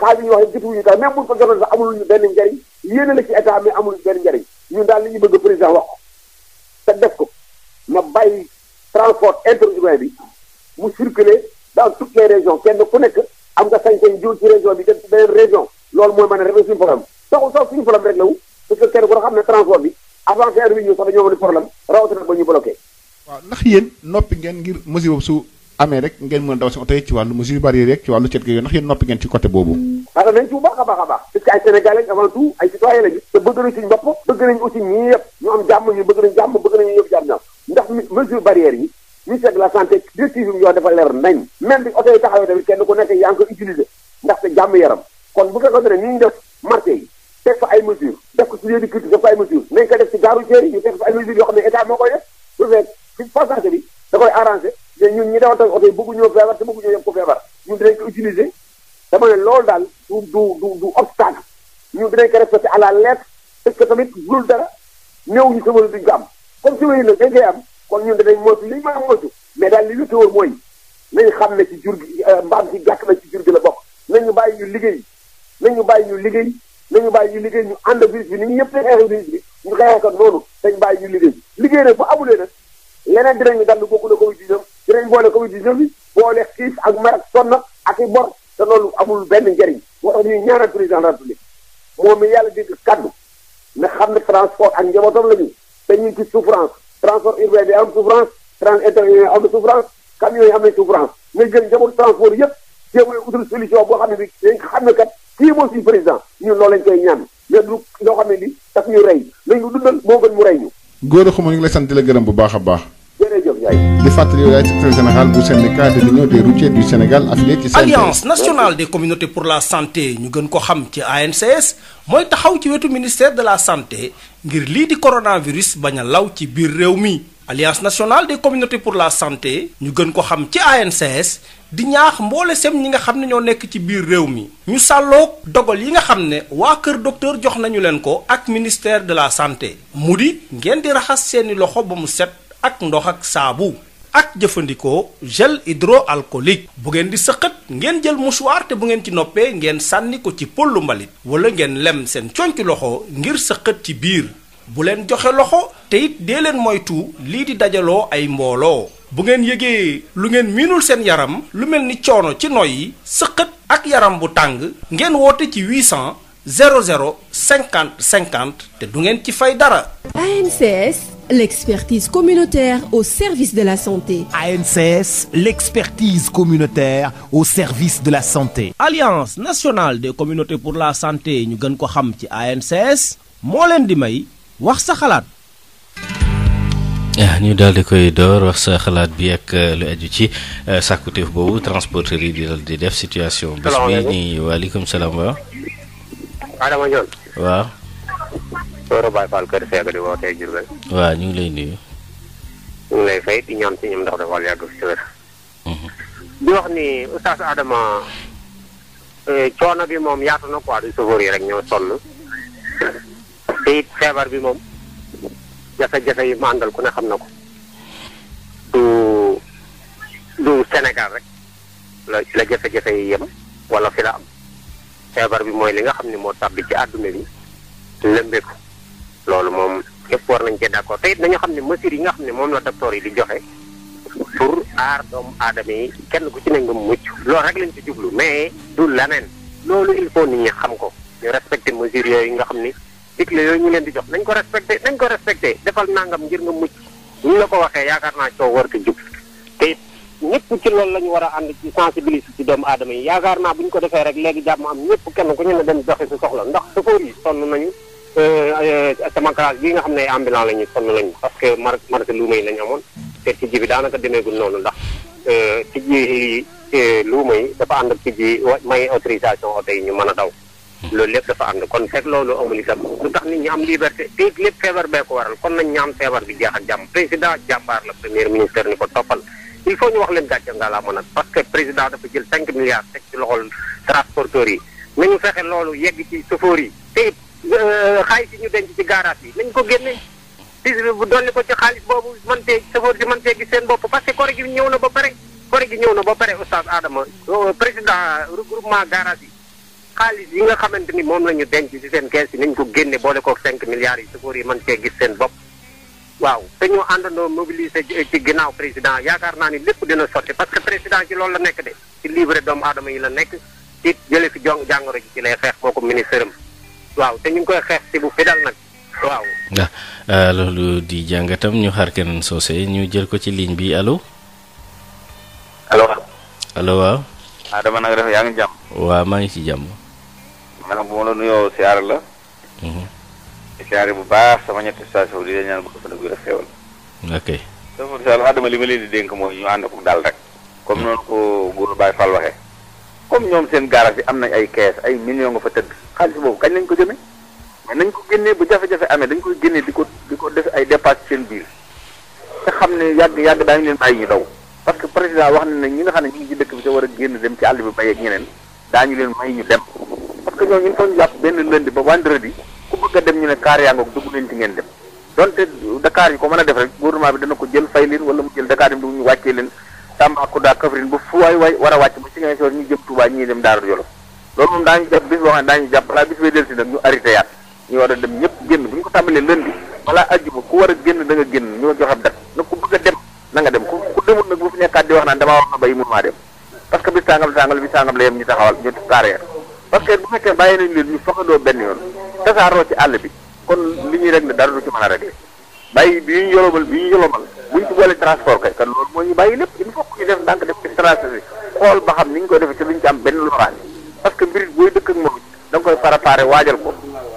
F: cas yi ñu wax jotuwuñu dara même buñ ko jotoon sax amul ñu benn njariñ yéene la ci benn njariñ ñun daal li ñu bëgg président wax ko te def ko na bàyyi transport interurbain bi mu circuler dans toutes les régions kenn ku nekk am nga sañ-sañ jiw ci région bi dem ci beneen région loolu mooy mën a régler suñu problème taxul sax suñu problème rek la parce que kenn ku ne xam ne transport bi avant que heure bi ñu sax dañoo am problème rawatina ba ñu bloqué.
N: waaw ndax yéen noppi ngeen ngir mesure su. amee rek ngeen mën a daw seen oto yi ci wàllu mesure barrière rek ci wàllu cet gi ndax yéen noppi ngeen ci côté boobu
F: parce nañ ci bu baax a baax a baax parce que ay sénégalais lañ avant tout ay citoyen lañu te ñii yëpp ñu am jàmm ñu bëgg nañ jàmm bëgg nañ yëpp jàmm ndax mesure barrière yi ministère de la santé directive yi yoo dafa leer nañ même bi oto yi taxawee tamit kenn ku nekk yaa ngi ko utiliser ndax te jàmm yaram kon bu fekkoon ne ñu def marché yi teg fa ay mesure de te ñun ñi dawal oto yi bëgguñoo feebar te bëgguñoo yem ko feebar ñun dinañ ko utiliser dama ne loolu daal du du du du obstacle ñun dinañ ko respecté à la lettre parce que tamit loolu dara néew ñu sëbëru duñ ko am comme sëbër yi nag dañ koy am kon ñun danañ mais daal li ñu tëwoon mooy nañ xam ne ci jur gi euh, mbaam si gàtt na ci jur gi la bokk nañu bàyyi ñu liggéey nañu bàyyi ñu liggéey nañu bàyyi ñu liggéey ñu ànd virus ñu ñëpp bi ñu xeexee ko noonu dañ bàyyi ñu liggéey liggéey nag bu amulee nag leneen dinañu dal lu bokk na ko dinañ boole covid 19 bi boole xiif ak mer ak sonn ak i bor te loolu amul benn njëriñ moo tax ñuy ñaanal président de la république moom mi yàlla dégg kaddu na xam ne transport ak njabootam la ñu te ñu ci souffrance transport urbain bi am souffrance trans interurbain am na souffrance camions yi am nañ souffrance nga jël njabootu transport yëpp jéem a utal solution boo xam ne bi dañ xam ne kat kii moo suñu président ñun loolu lañ koy ñaan mais du loo xam ne li daf ñu rey nañ ñu dundal moo
N: mu rey ñu. góor sant di la gërëm bu baax a baax. di fàttali yow yaay secrétaire général bu syndicat de l'union des routiers du Sénégal affilié ci alliance nationale
C: des communautés pour la santé ñu gën ko xam ci ANCS mooy taxaw ci wetu ministère de la santé ngir lii di coronavirus bañ a law ci biir réew mi alliance nationale des communautés pour la santé ñu gën ko xam ci ANCS di ñaax mboole sem ñi nga xam ne ñoo nekk ci biir réew mi ñu sàlloog dogal yi nga xam ne waa kër docteur jox nañu leen ko ak ministère de la santé mu di ngeen di raxas seeni loxo ba mu set ak ndox ak saabu ak jëfandikoo gel hydroalcoolique bu ngeen di sëqat ngeen jël mouchoir te bu ngeen ci noppee ngeen sànni ko ci pollu mbalit wala ngeen lem seen conc loxo ngir sëqat ci biir bu leen joxe loxo te it dee leen moytu lii di dajaloo ay mbooloo bu ngeen yëgee lu ngeen miinul seen yaram lu mel ni coono ci yi sëqat ak yaram bu tàng ngeen woote ci 800 00 50 50 te du ngeen ci fay dara.
G: l'expertise communautaire au service de la santé. ANCS, l'expertise
C: communautaire au service de la santé. Alliance nationale des communautés pour la santé ñu gën ko xam ci ANCS moo leen di may wax sa xalaat.
B: Ah, ñu daal di koy door wax sa xalaat bi ak eh, lu aju ci eh, sàkkuteef boobu transporteurs di dal def situation. bés bi nii waaleykum salaam wa.
I: Sooro Baye Fall Kër Seck di wootee Diourbel.
B: waaw ñu ngi lay nuyu.
I: ñu lay fay di ñaan ci ñoom ndax dafa yàgg si wér. Mhm. di wax ni oustaz Adama eh, coono bi moom yaatu na ko du chauffeur yi rek ñoo sonn te it feebar bi moom jafe-jafe yi ma àndal ku ne xam na ko du du Sénégal rek la la jafe-jafe yi yem wala fi la am feebar bi mooy li nga xam ne moo tàbbi ci àdduna bi lëmbee ko loolu moom képp war nañ cee d'accord te dañu xam ne mesures yi nga xam ne moom la docteur yi di joxe pour aar doomu aadama yi kenn ku ci ne nga mucc loolu rek lañ ci jublu mais du leneen loolu il faut nit ñi xam ko ñu respecté mesures yooyu nga xam ni digle yooyu ñu leen di jox nañ ko respecté nañ ko respecté defal nangam ngir nga mucc ñu la ko waxee yaakaar naa coow war ko jub te it ñëpp ci loolu la ñu war a ànd ci sensibiliser ci doomu aadama yi yaakaar naa bu ñu ko defee rek léegi jàmm am kenn ku ñu ne dem joxe si soxla ndax sofóor yi sonn nañu Euh, euh, sama classe bii nga xam ne ambulant lañu sonn lañu parce que mar marque luuma yi lañu amoon te tijji bi daanaka demeegul loolu ndax euh, tijji luuma yi dafa ànd ak tijji may autorisation oto yi ñu mën a daw loolu lépp dafa ànd kon fekk loolu amul itam lu tax nit ñu am liberté te lépp feebar bee ko waral kon nañ ñaam feebar bi jeex ak jàmm président jàmbaar la premier ministre ni ko toppal il faut ñu wax leen gàcce nga laa mën a parce que président dafa jël 5 milliards teg ci loxol transporteurs yi nañu fexe loolu yegg ci chauffeurs Euh, xaalis yi ñu denc ci garage yi nañ ko génne dis bu dolli ko ci xaalis boobu man tee safoor si mën tee gis seen bopp parce que kore gi ñëw na ba pare kore gi ñëw na ba pare oustaz Adama euh, président regroupement garage yi xaalis yi nga xamante ni moom la ñu denc ci seen kees yi nañ ko génne boole ko cinq milliards yi safoor yi mën tee gis seen bopp waaw te ñu àndandoo mobiliser ci ginnaaw président yaakaar naa ni lépp dina sotti parce que président ci loolu la nekk de ci livre doomu aadama nekk ci jële jàngoro ji ci lay xeex moo ko ministre waaw te ñu ngi koy xeex si bu fi nag waaw.
B: ah, ah di jàngatam ñu xaar keneen soose ñu jël ko ci ligne bi allo. allo. allo waaw.
H: ah nag rafet yaa ngi jàmm.
B: waaw maa ngi ci jàmm.
H: maanaam bu ma la nuyoo siyaar la. Mhm. siyaare bu baax sama ñetti station di bu ko fan ak wér Adama li ma leen di dénk mooy ñu ànd ko dal rek. comme mm. noonu ko
F: góor Baye Fall waxee. comme ñoom seen garage bi am nañ ay kees ay millions nga fa tëdd. xaalis boobu kañ lañ ko jëmee mais nañ ko génnee bu jafe-jafe amee dañ koy génnee di ko di ko def ay dépenses seen biir te xam ne yàgg yàgg daañu ñu a génn leen may ñu dem parce que ñooñu ñu toog jàpp benn lundi ba vendredi ku bëgg a dem ñu ne kaar yaa ngoog dugg leen ci ngeen dem donte Dakar yi ko mën a def rek gouvernement bi dana ko jël fay leen wala mu jël Dakar yi mu ñu wàccee leen Tambacounda Kaffrine ba fu waay waay war a wàcc ba si ngeen soor ñu jëm Touba loolu moom daañu def bis na xam ne daañu jàpp balaa bis bay dellusi nag ñu arrêté ñu war a dem ñëpp génn bu ñu ko tàmbalee lundi balaa àjjuma ku war a génn da génn ñu joxe dat nag ku bëgg a dem na nga dem ku ku fi nekkaat parce que bis tàngam tàngal bàyyi nañ leen ñu faxandoo benn yoon tasaaroo ci àll bi kon li ñuy réglé dara du ci mën a réglé bàyyi bi ñu yolomal bi ñu yolomal bu ñu ci boole transport kay kan loolu moo ñu bàyyi lépp il faut parce que mbir booy dëkk ak moom da nga koy préparer waajal ko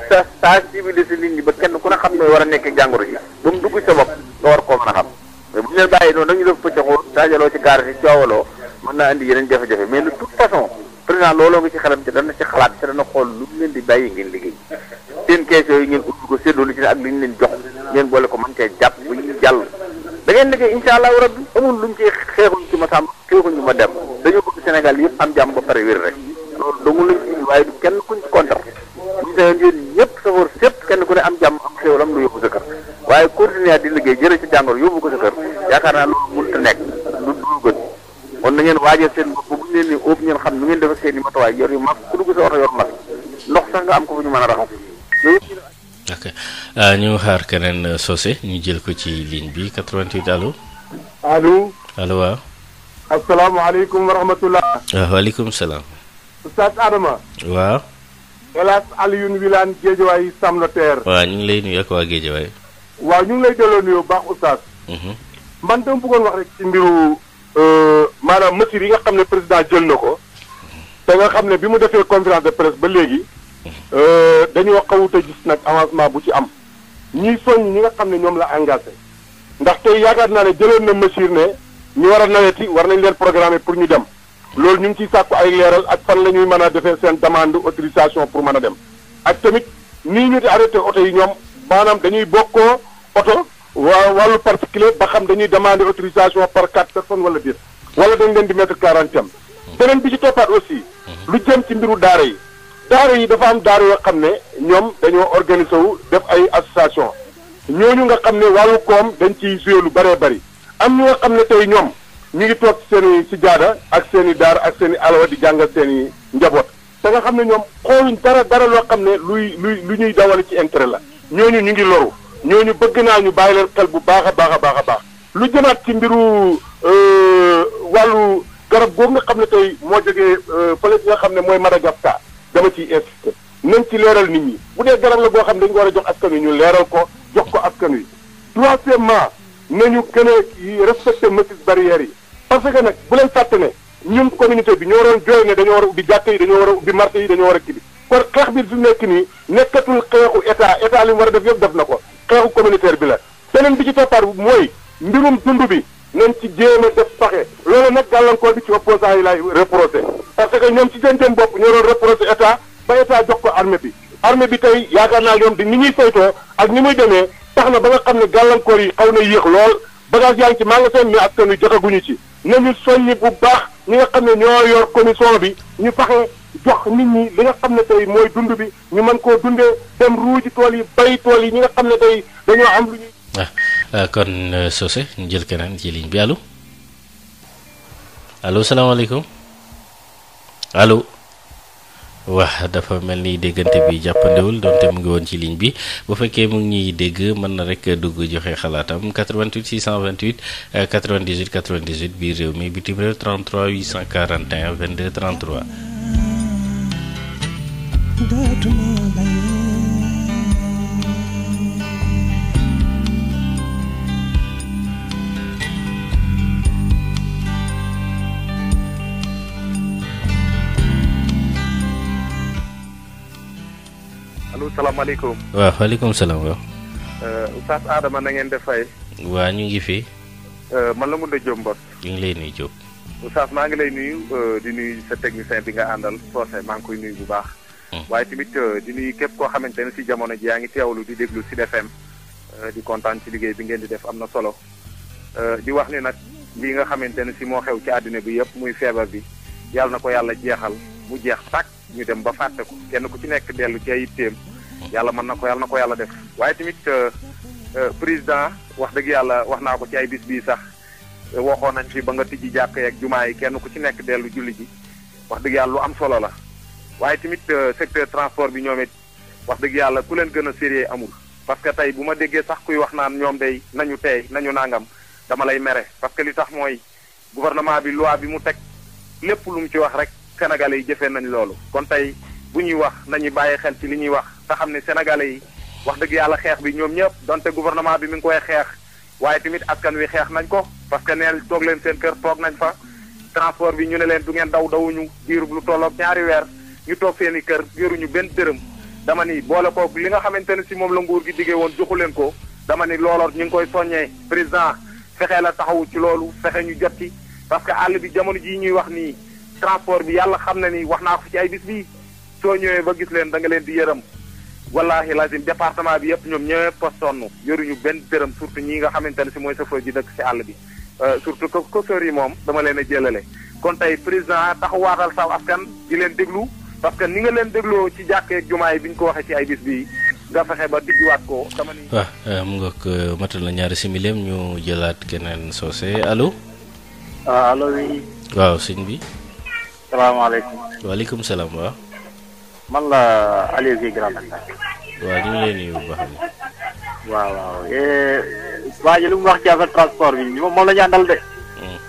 F: sa sensibiliser nit ñi ba kenn ku ne xam ne war a nekk jàngoro ji ba mu dugg sa bopp nga war koo mën a xam mais bu ñu leen bàyyi noonu dañu def pëccaxoo daajaloo ci gaar looloo nga ci xelam ci dana ci xalaat ci dana xool lu mu lu ci ne ak li ñu leen boole ko mën cee jàpp bu ñu jàll da ngeen liggéey ma dem dañoo bëgg Sénégal yëpp am jàmm ba pare wér rek loolu dong lañ indi waaye du kenn kuñ ci kontar bu ñu sañoon yéen ñëpp safoor sépp kenn ku ne am jàmm am xéewalam lu yóbbu sa kër waaye continuer di liggéey jëlee ci jàngoro yóbbu ko sa kër yaakaar naa loolu mënut a nekk lu dul gën kon na ngeen waajal seen bopp bu ñu leen ni óob xam nu ngeen defee seen i matuwaay yor yu mag ku dugg ndox sax nga am ko bu ñu mën
O: a raxas
B: ok euh, ñu xaar keneen euh, Socé ñu jël ko ci ligne bi 88 allo. allo allo waaw.
O: asalaamaaleykum wa rahmatulah.
B: Euh, waaleykum salaam.
O: Oustaz Adama. waaw. El Hadj Alioune Wilane Géejawaay Sam ñu
B: ngi lay nuyu ak waa Géejawaay.
O: waaw ñu ngi lay delloo nuyoo baax Oustaz. Mhm. man dama bëggoon wax rek ci mbiru euh, maanaam mesures yi nga xam ne président jël na ko. Mhm. te nga xam ne bi mu defee conférence de presse ba léegi. Mhm. Euh, dañoo xawut a gis nag avancement bu ci am. ñuy soññ ñi nga xam ne ñoom la engagé. ndax tey yaakaar naa ne jëloon na mesure ne ñu war a yi war nañ leen programme pour ñu dem. loolu ñu ngi ciy sàkku ay leeral ak fan la ñuy mën a defee seen demande autorisation pour mën a dem ak tamit nii ñu di arrêté oto yi ñoom maanaam dañuy bokkoo oto waa wàllu particulier ba xam dañuy demander autorisation par quatre personnes wala déet wala dañ leen di mettre quarantaine beneen bi ci toppaat aussi lu jëm ci mbiru daara yi daara yi dafa am daara yoo xam ne ñoom dañoo organiser wu def ay association ñu nga xam ne wàllu koom dañ ciy joué lu bëree bëri am ñu nga xam ne tey ñoom ñu ngi toog seen i si jaada ak seen i daar ak seen i alawa di jàngal seen i njaboot te nga xam ne ñoom xooluñ dara dara loo xam ne luy luy lu ñuy dawale ci intérêt la ñooñu ñu ngi loru ñooñu bëgg naa ñu bàyyi leen xel bu baax a baax a baax a baax lu jëmaat ci mbiru euh, wàllu garab googu nga xam ne tey moo jógee euh, fële nga xam ne mooy Madagascar dama ciy insisté nañ ci leeral nit ñi bu dee garab la goo xam ne dañu war a jox askan wi ñu leeral ko jox ko askan wi troisièmement nañu gën a respecté mesures barrières yi parce que nag bu leen fàtte ne ñun communauté bi ñoo waroon jooy ne dañoo war a ubbi jàkk yi dañoo war a ubbi marché yi dañoo war a kii kon xeex bi su nekk nii nekkatul xeexu état état li war a def yëpp def na ko xeexu communautaire bi la beneen bi ci toppaat mooy mbirum dund bi nañ ci jéem a def paxe loolu nag gàllankoor bi ci opposants yi laay reproché parce que ñoom ci seen jëm bopp ñoo doon reproché état ba état jox ko armée bi armée bi tey yaakaar naa ñoom di ni ñuy saytoo ak ni muy demee tax na ba xam ne gàllankoor yi xaw na yéex lool bagage yaa ngi ci magasin mais ak seen jotaguñu ci nañu soññi bu baax ñi nga xam ne ñoo yor commission bi ñu fexe jox nit ñi li nga xam ne tey mooy dund bi ñu mën koo dundee dem ruuji tool yi bay tool yi ñi nga xam ne tey dañoo am lu ñuy.
B: Ah, ah, kon euh, Socé ñu jël keneen ci ligne bi allo allo salaamaaleykum allo. waaw dafa mel ni déggante bi jàppandewul donte mu ngi woon ci ligne bi bu fekkee mu ngi ñuy dégg mën na rek dugg joxe xalaatam 88 628 98 98 biir réew mi bitim réew 33 841
H: salaamaaleykum.
B: waaw waaleykum salaam waaw.
H: Euh, Oustaz Adama na ngeen def fay.
B: waa ñu ngi fi.
H: Euh, man la mu de Diop Mbos.
B: ñu ngi lay nuyu Diop.
H: Oustaz maa ngi lay nuyu euh, di nuyu sa technicien bi nga àndal soose maa ngi koy nuyu bu baax. Hmm. waaye tamit di nuyu képp koo xamante ne si jamono ji yaa ngi teewlu di déglu si FM. di kontaan ci liggéey bi ngeen di def am na solo. di wax ni nag li nga xamante ne si moo xew ci àddina bi yëpp muy feebar bi yàlla na ko yàlla jeexal mu jeex tàkk ñu dem ba fàtte ko kenn nekk dellu ci ay itteem yàlla mën na ko yàlla na ko yàlla def waaye tamit euh, euh, président wax dëgg yàlla wax naa ko ci ay bis bii sax euh, waxoon nañ fi ba nga tijji jàkk ak jumaa yi kenn ku ci nekk dellu julli ji wax dëgg yàlla lu am solo la waaye tamit secteur transport bi ñoom it wax dëgg yàlla ku leen gën a sérieux amul parce que tey bu ma déggee sax kuy wax naan ñoom dey nañu teey nañu nàngam dama lay mere parce que li tax mooy gouvernement bi loi bi mu teg lépp lu mu ci wax rek sénégalais yi nañ loolu te xam ne sénégalais yi wax dëgg yàlla xeex bi ñoom ñëpp donte gouvernement bi mu ngi koy xeex waaye tamit askan wi xeex nañ ko parce que neel toog leen seen kër toog nañ fa transport bi ñu ne leen du ngeen daw dawuñu diirub lu tolloog ñaari weer ñu toog seen kër yoruñu benn dërëm dama ni boole ko li nga xamante ne si moom la nguur gi diggee woon joxu leen ko dama ni looloo ñu ngi koy soññee président fexe la taxawu ci loolu fexe ñu jot ci parce que àll bi jamono jii ñuy wax nii transport bi yàlla xam na ni wax naa ko ci ay bis bii soo ñëwee ba gis leen da nga leen di yërëm wallaahi lazim département bi yëpp ñoom ñëpp a sonn yoruñu benn dërëm surtout ñi nga xamante ne si mooy chauffeur ji dëkk si àll bi euh, surtout que chauffeur yi moom dama leen a jëlale kon tey président taxawaatal saw askan di leen déglu parce que ni nga leen dégloo ci jàkkeeg jumaa yi bi ñu ko waxee ci ay bis bi nga fexe ba digguwaat ko dama ni
B: waaw ah, euh, mu nga ko euh, matal na ñaari ñu jëlaat keneen soose allo
H: ah, allo oui
B: bi sëñ bi
I: salaamaaleykum
B: waaleykum salaam waaw man la Aliou Guèye Grand Dakar. waaw ñu ngi lay nuyu bu baax a waaw waaw eh, waa ji lu mu wax
I: ci affaire transport bi moom la ñu àndal de. Hmm.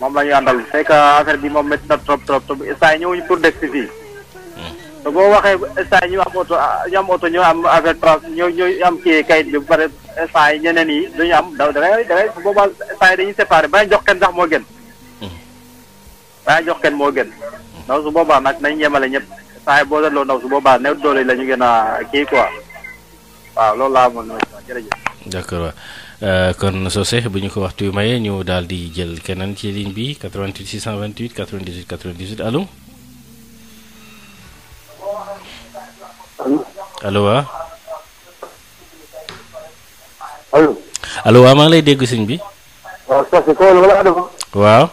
I: moom la ñu àndal fekk affaire bi moom métti na trop trop trop saa yi pour dëkk si fii. Hmm. te boo waxee saa ah, ñu am oto ñu am am affaire trans ñu ñu am kii kayit bi bu pare saa yi ñeneen yi duñu am da dangay dangay boobaa saa yi dañuy séparé ba jox kenn sax moo gën. Hmm. ba jox kenn moo gën. ndaw su boobaa nag nañ yemale ñëpp saa boo seetloo ndaw su boobaa néew doole la ñu gën a kii quoi waaw loolu laa amoon
B: jërëjëf. bu ñu ko waxtu yu mayee ñu daal di jël keneen ci ligne bi 88 628 98 98 allo. allo maa ngi lay dégg sëñ bi. waaw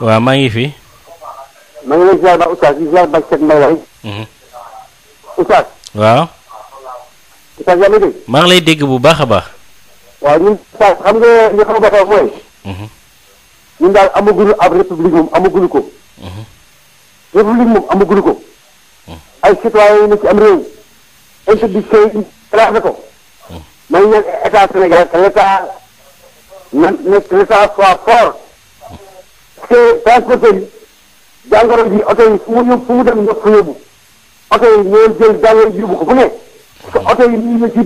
B: waa maa ngi fii
F: maa ngi lay ba Oustaz di ba Seck Mbaye laay. Mhm. Oustaz. waaw. Oustaz yaa ngi dégg.
B: maa ngi lay dégg bu baax a baax.
F: waa ñun Oustaz xam nga li xam nga dafa mooy. Mhm. ñun daal amaguñu ab république moom ko. Mhm. république moom te transporteur yi jàngoro ji oto yi fu mu fu mu dem ñëpp yóbbu oto yi ñoo jël jàngoro ji yóbbu ko fu oto yi bu ñu waxee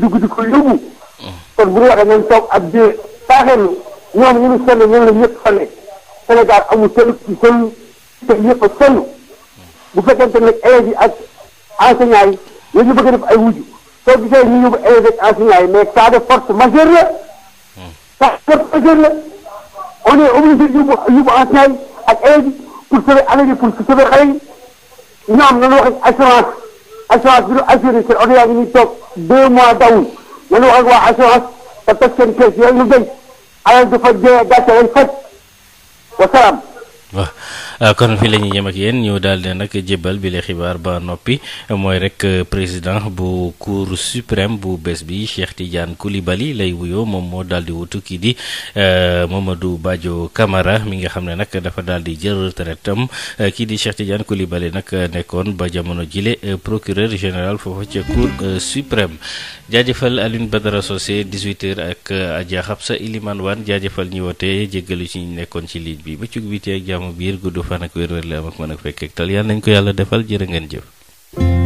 F: nañ toog ak de saaxeelu ñoom ñu ngi sonn ñoom la ñëpp sonne Sénégal bu fekkente nag élèves yi ak enseignants yi ñu bëgg def ay wujju soo gisee ñu yóbbu élèves ak enseignants yi mais cas de force majeure la hmm. cas on est obligé yóbbu yóbbu enseignants yi ak élèves yi pour sauver année bi pour sauver xale yi ñoom nañu wax ak assurance assurance bi ñu assuré seen oto yaa ngi nii toog deux mois dawul nañu wax ak waa assurance te teg seen kees yooyu ñu béy alal dafa jëlee gàcce lañ faj wa
B: salaam. Euh, kon fii la ñuy yem ak yéen ñu daal di nag jébbal bi la xibaar ba noppi mooy rek euh, président bu cour suprême bu bees bi Cheikh Tidiane Koulibaly lay wuyoo moom moo daal di wutu kii di euh, Mamadou Badio Camara mi ngi xam ne nag dafa daal di jël retraite am kii di Cheikh Tidiane Koulibaly nag nekkoon ba jamono jile procureur général foofu ca cour suprême jaajëfal Alioune Badara Socé 18 ak Adja sa Iliman Wane jaajëfal ñi woote jéggalu ci nekkoon ci liit bi ba cug bi ak jàmm fan ak wér-wér la am ak mën a fekk ak tal yàlla ko yàlla defal jërë ngeen jëf